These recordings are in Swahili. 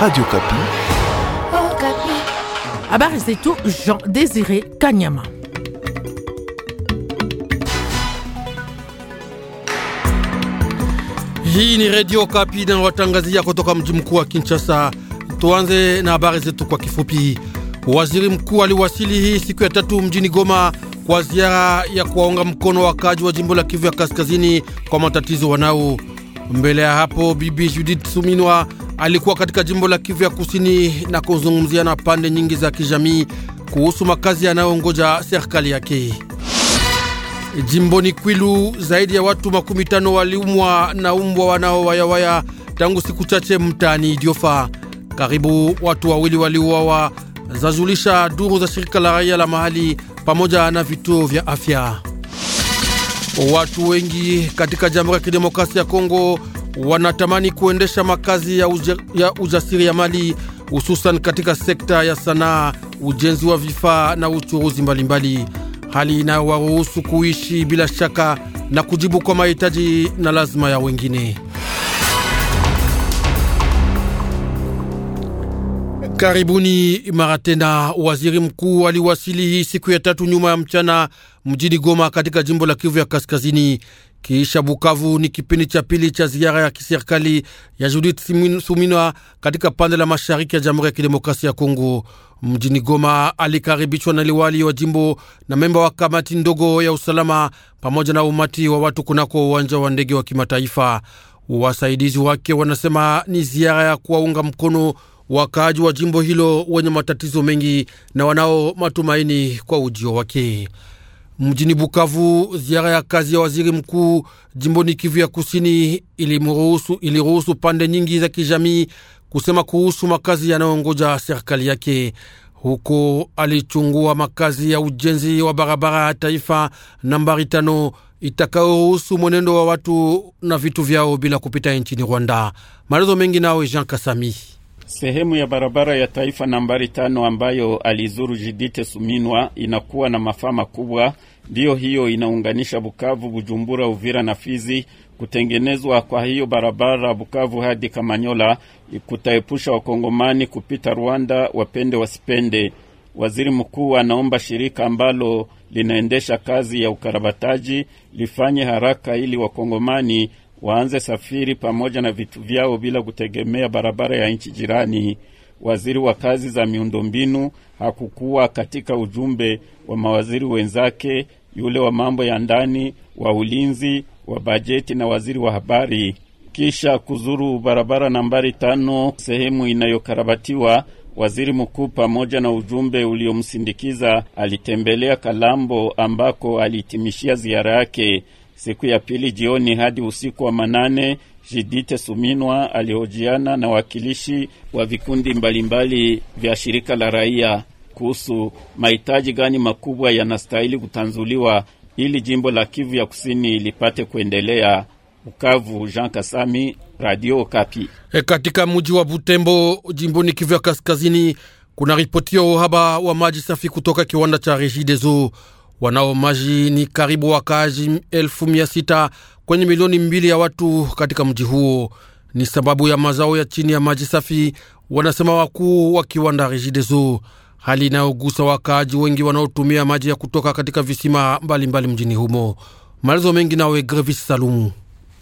Radio Kapi. Oh, Kapi. Habari zetu Jean Désiré Kanyama. Hii ni Radio Kapi watangazia kutoka mji mkuu wa Kinshasa. Tuanze na habari zetu kwa kifupi. Waziri mkuu aliwasili hii siku ya tatu mjini Goma kwa ziara ya kuwaunga mkono wakaji wa jimbo la Kivu ya Kaskazini kwa matatizo wanao. Mbele ya hapo, Bibi Judith Suminwa alikuwa katika jimbo la Kivu ya Kusini na kuzungumzia na pande nyingi za kijamii kuhusu makazi yanayongoja serikali yake. Jimboni Kwilu, zaidi ya watu makumi tano waliumwa na umbwa wanaowayawaya tangu siku chache mtaani Idiofa. Karibu watu wawili waliuawa, zajulisha duru za shirika la raia la mahali pamoja na vituo vya afya. Watu wengi katika Jamhuri ya Kidemokrasia ya Kongo wanatamani kuendesha makazi ya, uja, ya mali hususan katika sekta ya sanaa, ujenzi wa vifaa na uchuruzi mbalimbali, hali inayowaruhusu kuishi bila shaka na kujibu kwa mahitaji na lazima ya wengine. Karibuni mara tena, waziri mkuu aliwasili hii siku ya tatu nyuma ya mchana mjini Goma katika jimbo la Kivu ya Kaskazini. Kiisha Bukavu ni kipindi cha pili cha ziara ya kiserikali ya Judith Suminwa katika pande la mashariki ya Jamhuri ya Kidemokrasia ya Kongo. Mjini Goma alikaribishwa na liwali wa jimbo na memba wa kamati ndogo ya usalama pamoja na umati wa watu kunako uwanja wa ndege wa kimataifa. Wasaidizi wake wanasema ni ziara ya kuwaunga mkono wakaaji wa jimbo hilo wenye matatizo mengi na wanao matumaini kwa ujio wake. Mjini Bukavu, ziara ya kazi ya waziri mkuu jimboni Kivu ya kusini iliruhusu ili pande nyingi za kijamii kusema kuhusu makazi yanayongoja serikali yake. Huko alichungua makazi ya ujenzi wa barabara ya taifa nambari tano itakayoruhusu mwenendo wa watu na vitu vyao bila kupita nchini Rwanda. Maelezo mengi nawe Jean Kasami. Sehemu ya barabara ya taifa nambari tano ambayo alizuru Jidite Suminwa inakuwa na mafaa makubwa Ndiyo hiyo inaunganisha Bukavu, Bujumbura, Uvira na Fizi. Kutengenezwa kwa hiyo barabara Bukavu hadi Kamanyola kutaepusha wakongomani kupita Rwanda, wapende wasipende. Waziri mkuu anaomba shirika ambalo linaendesha kazi ya ukarabataji lifanye haraka ili wakongomani waanze safiri pamoja na vitu vyao bila kutegemea barabara ya nchi jirani. Waziri wa kazi za miundombinu hakukuwa katika ujumbe wa mawaziri wenzake, yule wa mambo ya ndani, wa ulinzi, wa bajeti na waziri wa habari. Kisha kuzuru barabara nambari tano, sehemu inayokarabatiwa, waziri mkuu pamoja na ujumbe uliomsindikiza alitembelea Kalambo ambako alihitimishia ziara yake. Siku ya pili jioni hadi usiku wa manane, Jidite Suminwa alihojiana na wakilishi wa vikundi mbalimbali vya shirika la raia kuhusu mahitaji gani makubwa yanastahili kutanzuliwa ili jimbo la Kivu ya Kusini lipate kuendelea. ukavu Jean Kasami, Radio Kapi. E, eh, katika mji wa Butembo jimboni Kivu ya Kaskazini kuna ya uhaba wa maji safi kutoka kiwanda cha Regideso wanao maji ni karibu wakaaji elfu mia sita kwenye milioni mbili ya watu katika mji huo. Ni sababu ya mazao ya chini ya maji safi, wanasema wakuu wa kiwanda Regideso, hali inayogusa wakaaji wengi wanaotumia maji ya kutoka katika visima mbalimbali mbali mjini humo. Maelezo mengi nawe Grevis Salumu.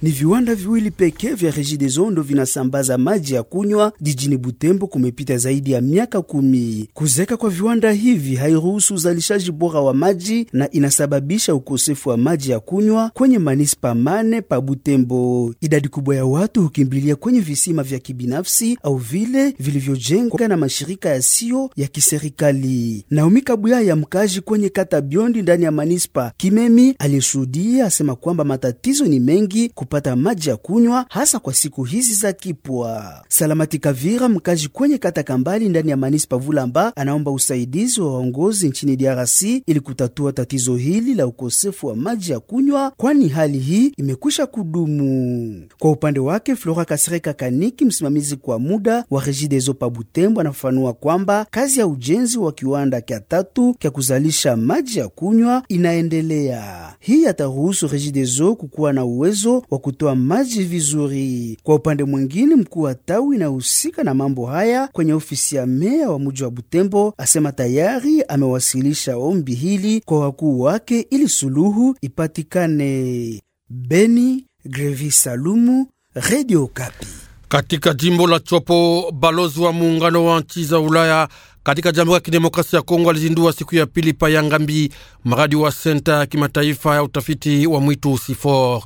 Ni viwanda viwili pekee vya Regideso ndo vinasambaza maji ya kunywa jijini Butembo. Kumepita zaidi ya miaka kumi. Kuzeka kwa viwanda hivi hairuhusu uzalishaji bora wa maji na inasababisha ukosefu wa maji ya kunywa kwenye manispa mane pa Butembo. Idadi kubwa ya watu hukimbilia kwenye visima vya kibinafsi au vile vilivyojengwa na mashirika yasiyo ya kiserikali. Naomi Kabuya ya mkaji kwenye kata Biondi ndani ya manispa Kimemi aliyeshuhudia asema kwamba matatizo ni mengi kupata maji ya kunywa, hasa kwa siku hizi za kipwa. Salamati Kavira, mkazi kwenye kata Kambali ndani ya manispa Vulamba, anaomba usaidizi wa waongozi nchini DRC ili kutatua tatizo hili la ukosefu wa maji ya kunywa, kwani hali hii imekwisha kudumu. Kwa upande wake, Flora Kasereka Kaniki, msimamizi kwa muda wa Regideso pa Butembo, anafafanua kwamba kazi ya ujenzi wa kiwanda kya tatu kya kuzalisha maji ya kunywa inaendelea. Hii yataruhusu Regideso kukuwa na uwezo kwa kutoa maji vizuri. Kwa upande mwingine, mkuu wa tawi inahusika na mambo haya kwenye ofisi ya meya wa muji wa Butembo asema tayari amewasilisha ombi hili kwa wakuu wake ili suluhu ipatikane. Beni, Grevi Salumu, Radio Kapi. Katika jimbo la Chopo, balozi wa muungano wa nchi za Ulaya katika Jamhuri ya Kidemokrasia ya Kongo alizindua siku ya pili pa Yangambi mradi wa senta ya kimataifa ya utafiti wa mwitu Sifor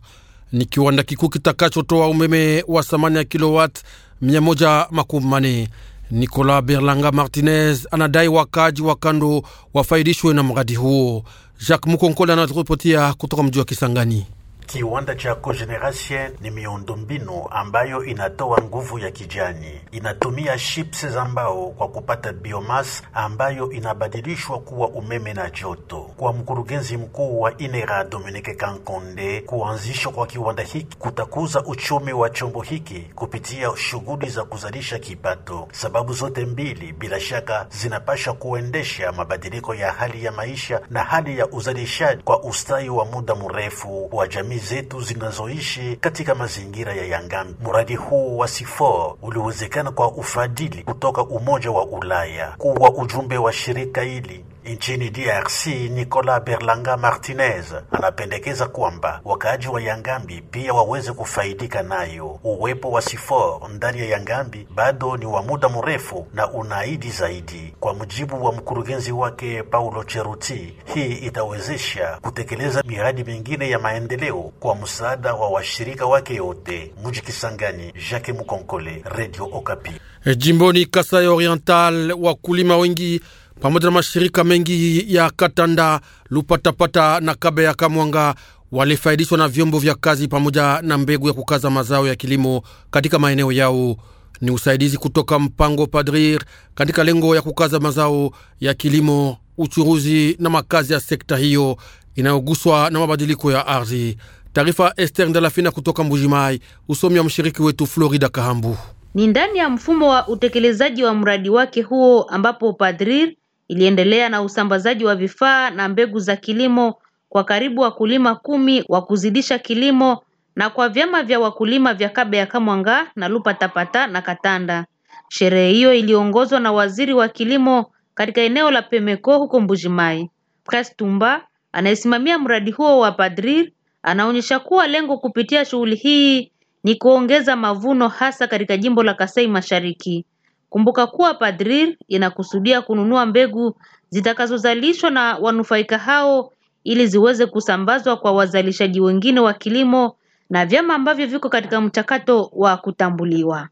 ni kiwanda kikuu kitakachotoa umeme wa thamani ya kilowat mia moja makumi mane. Nicolas Berlanga Martinez anadai wakaji wa kando wafaidishwe na mradi huo. Jacques Mukonkole anatupotia kutoka mji wa Kisangani. Kiwanda cha cogeneration ni miundombinu ambayo inatoa nguvu ya kijani. Inatumia chips za mbao kwa kupata biomass ambayo inabadilishwa kuwa umeme na joto. Kwa mkurugenzi mkuu wa INERA Dominique Kankonde, kuanzishwa kwa kiwanda hiki kutakuza uchumi wa chombo hiki kupitia shughuli za kuzalisha kipato. Sababu zote mbili bila shaka zinapasha kuendesha mabadiliko ya hali ya maisha na hali ya uzalishaji kwa ustawi wa muda mrefu wa jamii jamii zetu zinazoishi katika mazingira ya Yangambi. Mradi huu wa si 4 uliwezekana kwa ufadhili kutoka Umoja wa Ulaya. Kuwa ujumbe wa shirika hili nchini DRC Nicolas Berlanga Martinez anapendekeza kwamba wakaaji wa Yangambi pia waweze kufaidika nayo. Uwepo wa SIFOR ndani ya Yangambi bado ni wa muda mrefu na unaidi zaidi. Kwa mujibu wa mkurugenzi wake Paulo Cheruti, hii itawezesha kutekeleza miradi mingine ya maendeleo kwa msaada wa washirika wake wote. Mji Kisangani, Jacques Mukonkole, Radio Okapi. Jimboni Kasai Oriental, wakulima wengi pamoja na mashirika mengi ya Katanda, Lupatapata na Kabe ya Kamwanga walifaidishwa na vyombo vya kazi pamoja na mbegu ya kukaza mazao ya kilimo katika maeneo yao. Ni usaidizi kutoka mpango Padrir katika lengo ya kukaza mazao ya kilimo, uchuruzi na makazi ya sekta hiyo inayoguswa na mabadiliko ya ardhi. Taarifa Esther Ndalafina kutoka Mbujimai, usomi wa mshiriki wetu Florida Kahambu. Ni ndani ya mfumo wa utekelezaji wa mradi wake huo ambapo Padrir iliendelea na usambazaji wa vifaa na mbegu za kilimo kwa karibu wakulima kumi wa kuzidisha kilimo na kwa vyama vya wakulima vya ya Kamwanga, Lupa Tapata na Katanda. Sherehe hiyo iliongozwa na waziri wa kilimo katika eneo la Pemeko huko Mbujimai. Press Tumba anayesimamia mradi huo wa Padrir anaonyesha kuwa lengo kupitia shughuli hii ni kuongeza mavuno hasa katika jimbo la Kasai Mashariki. Kumbuka kuwa Padril inakusudia kununua mbegu zitakazozalishwa na wanufaika hao ili ziweze kusambazwa kwa wazalishaji wengine wa kilimo na vyama ambavyo viko katika mchakato wa kutambuliwa.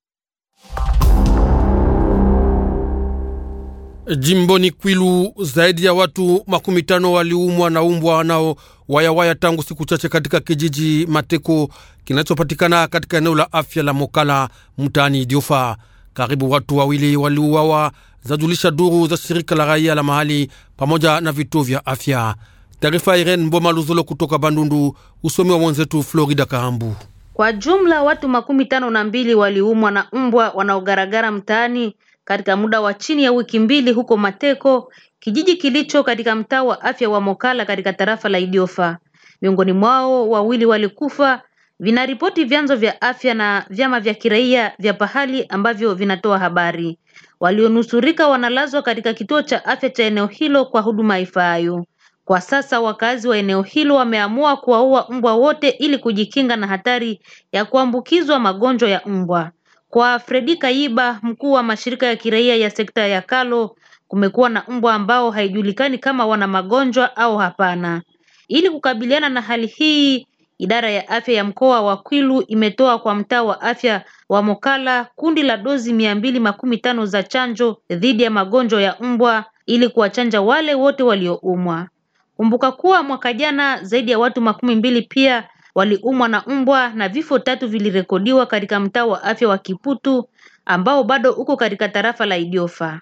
Jimboni Kwilu, zaidi ya watu makumi tano waliumwa na umbwa nao wayawaya tangu siku chache katika kijiji Mateko kinachopatikana katika eneo la afya la Mokala mtaani Idiofa. Karibu watu wawili waliuawa, zajulisha duru za shirika la raia la mahali pamoja na vituo vya afya. Taarifa Irene Mboma Luzolo kutoka Bandundu, usomi wa mwenzetu Florida Kahambu. Kwa jumla watu makumi tano na mbili waliumwa na mbwa wanaogaragara mtaani katika muda wa chini ya wiki mbili huko Mateko, kijiji kilicho katika mtaa wa afya wa Mokala katika tarafa la Idiofa. Miongoni mwao wawili walikufa vinaripoti vyanzo vya afya na vyama vya kiraia vya pahali ambavyo vinatoa habari. Walionusurika wanalazwa katika kituo cha afya cha eneo hilo kwa huduma ifaayo. Kwa sasa wakazi wa eneo hilo wameamua kuwaua mbwa wote ili kujikinga na hatari ya kuambukizwa magonjwa ya mbwa. Kwa Fredi Kayiba, mkuu wa mashirika ya kiraia ya sekta ya Kalo, kumekuwa na mbwa ambao haijulikani kama wana magonjwa au hapana. Ili kukabiliana na hali hii, Idara ya afya ya mkoa wa Kwilu imetoa kwa mtaa wa afya wa Mokala kundi la dozi mia mbili makumi tano za chanjo dhidi ya magonjwa ya mbwa ili kuwachanja wale wote walioumwa. Kumbuka kuwa mwaka jana zaidi ya watu makumi mbili pia waliumwa na mbwa na vifo tatu vilirekodiwa katika mtaa wa afya wa Kiputu ambao bado uko katika tarafa la Idiofa.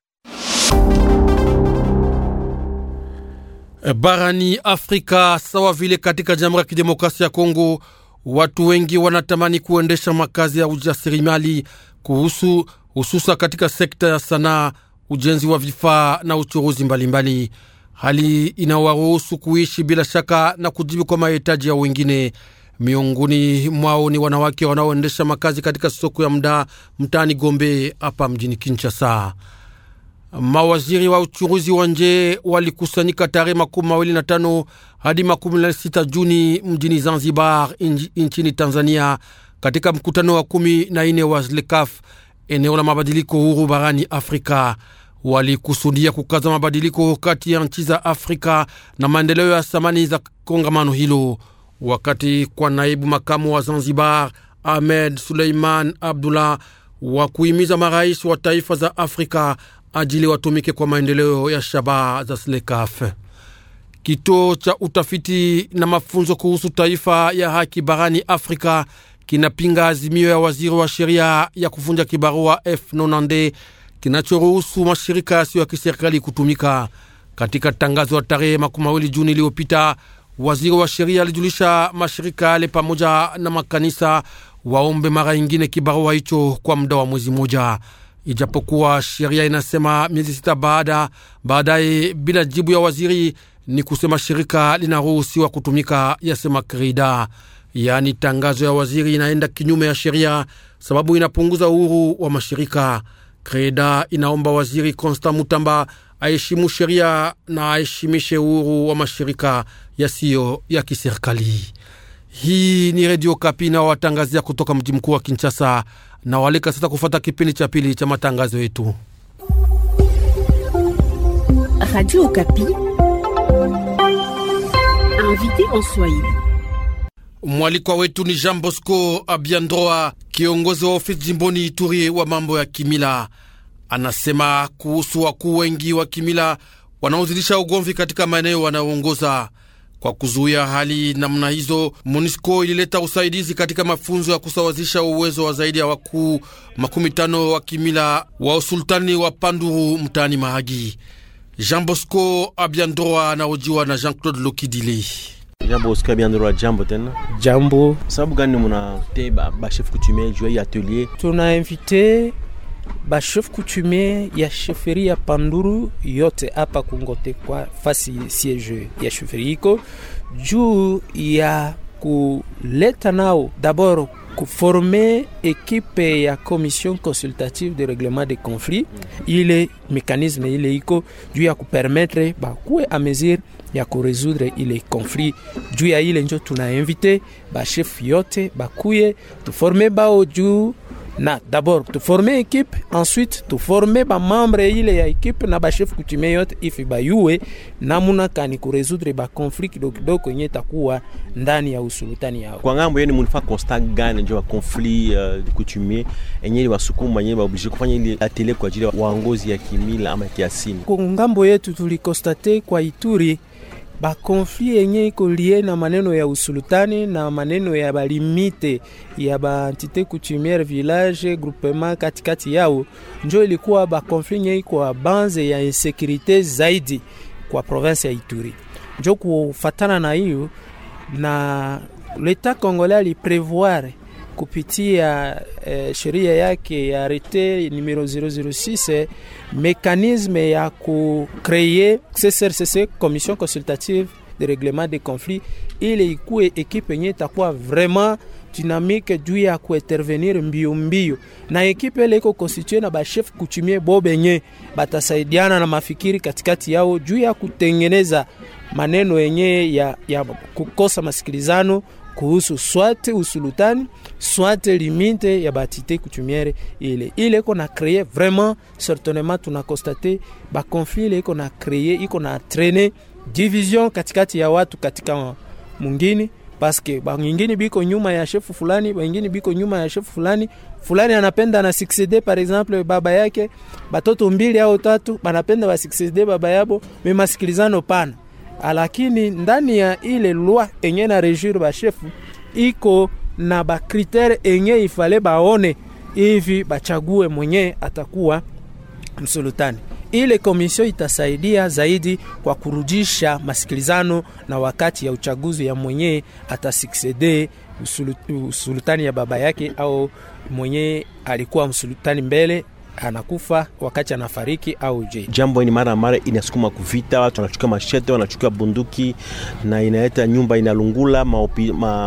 Eh, barani Afrika sawa vile katika Jamhuri ya Kidemokrasia ya Kongo, watu wengi wanatamani kuendesha makazi ya ujasirimali kuhusu hususa katika sekta ya sanaa, ujenzi wa vifaa na uchuruzi mbalimbali, hali inawaruhusu kuishi bila shaka na kujibu kwa mahitaji ya wengine. Miongoni mwao ni wanawake wanaoendesha makazi katika soko ya mda mtaani Gombe hapa mjini Kinshasa. Mawaziri wa uchuruzi wa nje walikusanyika tarehe makumi mawili na tano hadi makumi na sita Juni mjini Zanzibar nchini Tanzania, katika mkutano wa kumi na nne wa ZLECAf, eneo la mabadiliko huru barani Afrika. Walikusudia kukaza mabadiliko kati ya nchi za Afrika na maendeleo ya thamani za kongamano hilo. Wakati kwa naibu makamu wa Zanzibar Ahmed Suleiman Abdullah wa kuhimiza marais wa taifa za Afrika ajili watumike kwa maendeleo ya shabaha za SLEKAF. Kituo cha utafiti na mafunzo kuhusu taifa ya haki barani Afrika kinapinga azimio ya waziri wa sheria ya kuvunja kibarua F90 kinachoruhusu mashirika yasiyo ya kiserikali kutumika. Katika tangazo la tarehe makumi mawili Juni iliyopita, waziri wa sheria alijulisha mashirika yale pamoja na makanisa waombe mara ingine kibarua hicho kwa muda wa mwezi mmoja ijapokuwa sheria inasema miezi sita baada baadaye, bila jibu ya waziri, ni kusema shirika linaruhusiwa kutumika, yasema Krida. Yaani tangazo ya waziri inaenda kinyume ya sheria, sababu inapunguza uhuru wa mashirika. Kreda inaomba waziri Constant Mutamba aheshimu sheria na aheshimishe uhuru wa mashirika yasiyo ya kiserikali. Hii ni Redio Kapi na watangazia kutoka mji mkuu wa Kinshasa na walika sasa kufata kipindi cha pili cha matangazo yetu Mwalikwa wetu ni Jean Bosco Abiandroa, kiongozi wa ofisi jimboni Ituri wa mambo ya kimila. Anasema kuhusu wakuu wengi wa kimila wanaozidisha ugomvi katika maeneo wanayoongoza kwa kuzuia hali namna hizo, MONUSCO ilileta usaidizi katika mafunzo ya kusawazisha uwezo wa zaidi ya wakuu makumi tano wa kimila wa usultani wa Panduru mtaani Mahagi. Jean Bosco Abiandroa anaojiwa na Jean Claude Lokidile. Jambo, jambo tena. Jambo. Sababu gani mnateba bashefu kutumia jua ya atelier? Tunainvite chef coutumier ya sheferi ya Panduru yote hapa Kungote kwa fasi siege ya sheferi iko juu ya kuleta nao dabord kuforme ekipe ya commission consultative de reglement de conflit ile mekanisme ile iko juu ya kupermetre bakuwe a mesure ya kuresoudre ile conflit. Juu ya ile njo tunainvite bashefu yote bakuye tuforme bao juu na dabord tuforme ekipe, ensuite tuforme bamembre ile ya ekipe na bashefu kutumia yote ifi bayue namuna kani kuresudre bakonfli kidokidoko kidogo takuwa ndani ya usultani yao. Kwa ngambo yenu munifaa constat gani njo bakonfli uh, kutumie enye wasukuma enye baoblige kufanya ile atele kwa ajili ya waongozi ya kimila ama kiasini? Kwa ngambo yetu tulikonstate kwa Ituri bakonfli yenye iko lie na maneno ya usultani na maneno ya balimite ya baentité coutumière village groupement katikati yao, njo ilikuwa bakonfli yenye iko banze ya insécurité zaidi kwa province ya Ituri. Njo kufatana na hiyo na leta congolais aliprevoir kupitia eh, sheria yake ya arete numero 006 mekanisme ya kukreye CCRCC commission consultative de reglement de conflit ili ikuwe ekipe yenye itakuwa vraiment dynamique juu ya kuintervenir mbio mbio, na ekipe ile iko constitue na bashef kuchimie bo batasaidiana na mafikiri katikati yao juu ya kutengeneza maneno yenye ya, ya kukosa masikilizano kuhusu swate usulutani swate limite ya batite kutumiere ile ile iko na kreye vraiment certainement tunakonstate bakonflit ile iko na kreye iko na trene division katikati ya watu katika mungini paske bangingine biko nyuma ya shefu fulani, bangingine biko nyuma ya shefu fulani. Fulani anapenda na succede par exemple baba yake, batoto mbili au tatu banapenda basuccede baba yabo, memasikilizano pana alakini ah, ndani ya ile loi enye na rejure bashefu iko na bakritere enye ifale baone hivi bachague mwenye atakuwa msultani. Ile komisio itasaidia zaidi kwa kurudisha masikilizano na wakati ya uchaguzi ya mwenye atasuksede usulutani ya baba yake au mwenye alikuwa msultani mbele anakufa wakati anafariki au je? Jambo ni mara mara inasukuma kuvita, watu wanachukua mashete, wanachukua bunduki na inaleta nyumba inalungula,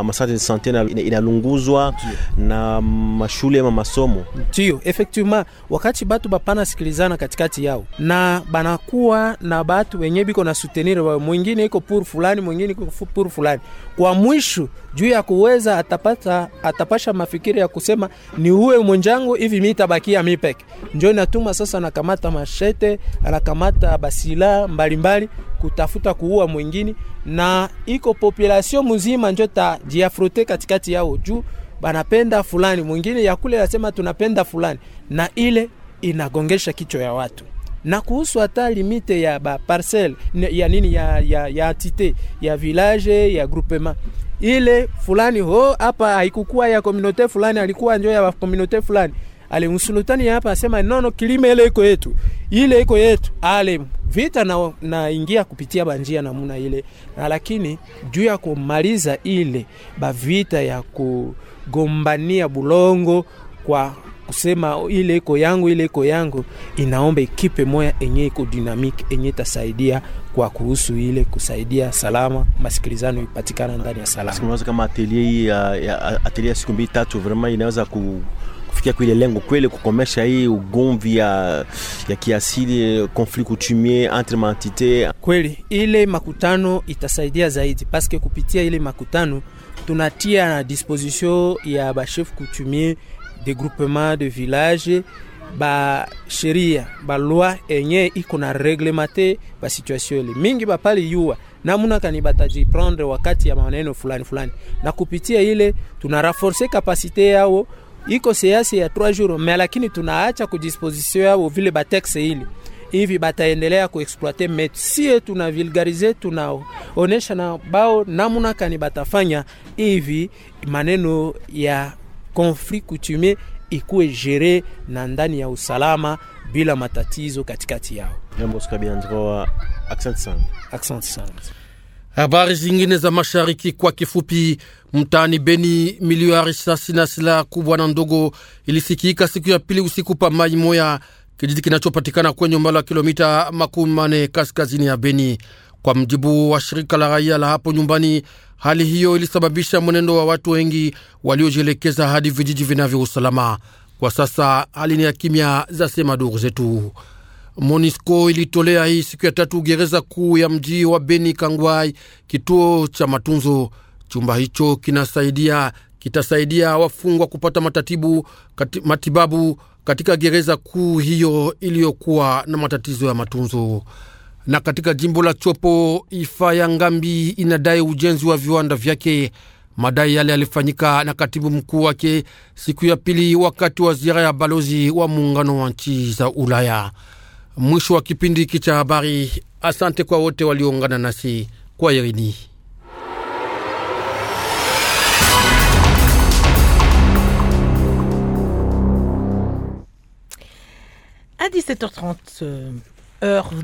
masante de sante inalunguzwa na mashule ma masomo. Ndio effectivement, wakati batu bapana sikilizana katikati yao na banakuwa na batu wenye biko na sutenir mwingine iko pour fulani, mwingine iko pour fulani, kwa mwisho juu ya kuweza atapata, atapasha mafikiri ya kusema ni uwe mwenjangu hivi mi tabakia mi peke. Njo inatuma sasa anakamata mashete anakamata basila mbalimbali kutafuta kuua mwingine, na iko population mzima njo tajiafrote katikati yao juu banapenda fulani mwingine ya kule anasema tunapenda fulani, na ile inagongesha kichwa ya watu na kuhusu hata limite ya ba parcel ya nini ya ya ya entité ya village ya groupement ile fulani ho hapa haikukua ya komunote fulani, alikuwa njo ya komunote fulani. Ale msulutani hapa asema nono, kilima ile iko yetu, ile iko yetu. Ale vita na, naingia kupitia banjia namuna ile na, lakini juu ya kumaliza ile bavita ya kugombania bulongo kwa kusema oh, ile iko yangu ile iko yangu, inaomba ekipe moya enye iko dinamiki enye itasaidia kwa kuhusu ile kusaidia salama, masikilizano ipatikana ndani ya salama. Kama atelier hii ya, ya atelier siku mbili tatu, vraiment inaweza ku kufikia kile lengo kweli, kukomesha hii ugomvi ya, ya kiasili conflit coutumier entre maentite. Kweli ile makutano itasaidia zaidi, paske kupitia ile makutano tunatia na disposition ya bashefu coutumier degroupement de village basheria balwa enye iko na reglemate basituasio ile mingi bapaliyua namuna kani batajiprendre wakati ya maneno fulani fulani, na kupitia ile tuna renforce kapasite yao iko seasi ya 3 jours me, lakini tunaacha kudisposition yao vile batexe ile hivi bataendelea kuexploite me sie tuna vulgarize tunao onesha na bao namuna kani batafanya hivi maneno ya konfli kutume ikuwe jere na ndani ya usalama bila matatizo katikati yao. Habari zingine za mashariki kwa kifupi. Mtaani Beni, milio ya risasi na silaha kubwa na ndogo ilisikika siku ya pili usiku pa Mai Moya, kijiji kinachopatikana kwenye umbali wa kilomita makumi mane kaskazini ya Beni. Kwa mjibu wa shirika la raia la hapo nyumbani, hali hiyo ilisababisha mwenendo wa watu wengi waliojielekeza hadi vijiji vinavyo usalama. Kwa sasa hali ni ya kimya, zasema duru zetu. Monisco ilitolea hii siku ya tatu gereza kuu ya mji wa Beni Kangwai kituo cha matunzo. Chumba hicho kinasaidia kitasaidia wafungwa kupata matatibu, kati, matibabu katika gereza kuu hiyo iliyokuwa na matatizo ya matunzo na katika jimbo la Chopo ifa ya Ngambi inadai ujenzi wa viwanda vyake. Madai yale yalifanyika na katibu mkuu wake siku ya pili wakati wa ziara ya balozi wa muungano wa nchi za Ulaya. Mwisho wa kipindi hiki cha habari. Asante kwa wote walioungana nasi kwa Irini. à 17h30, euh, heure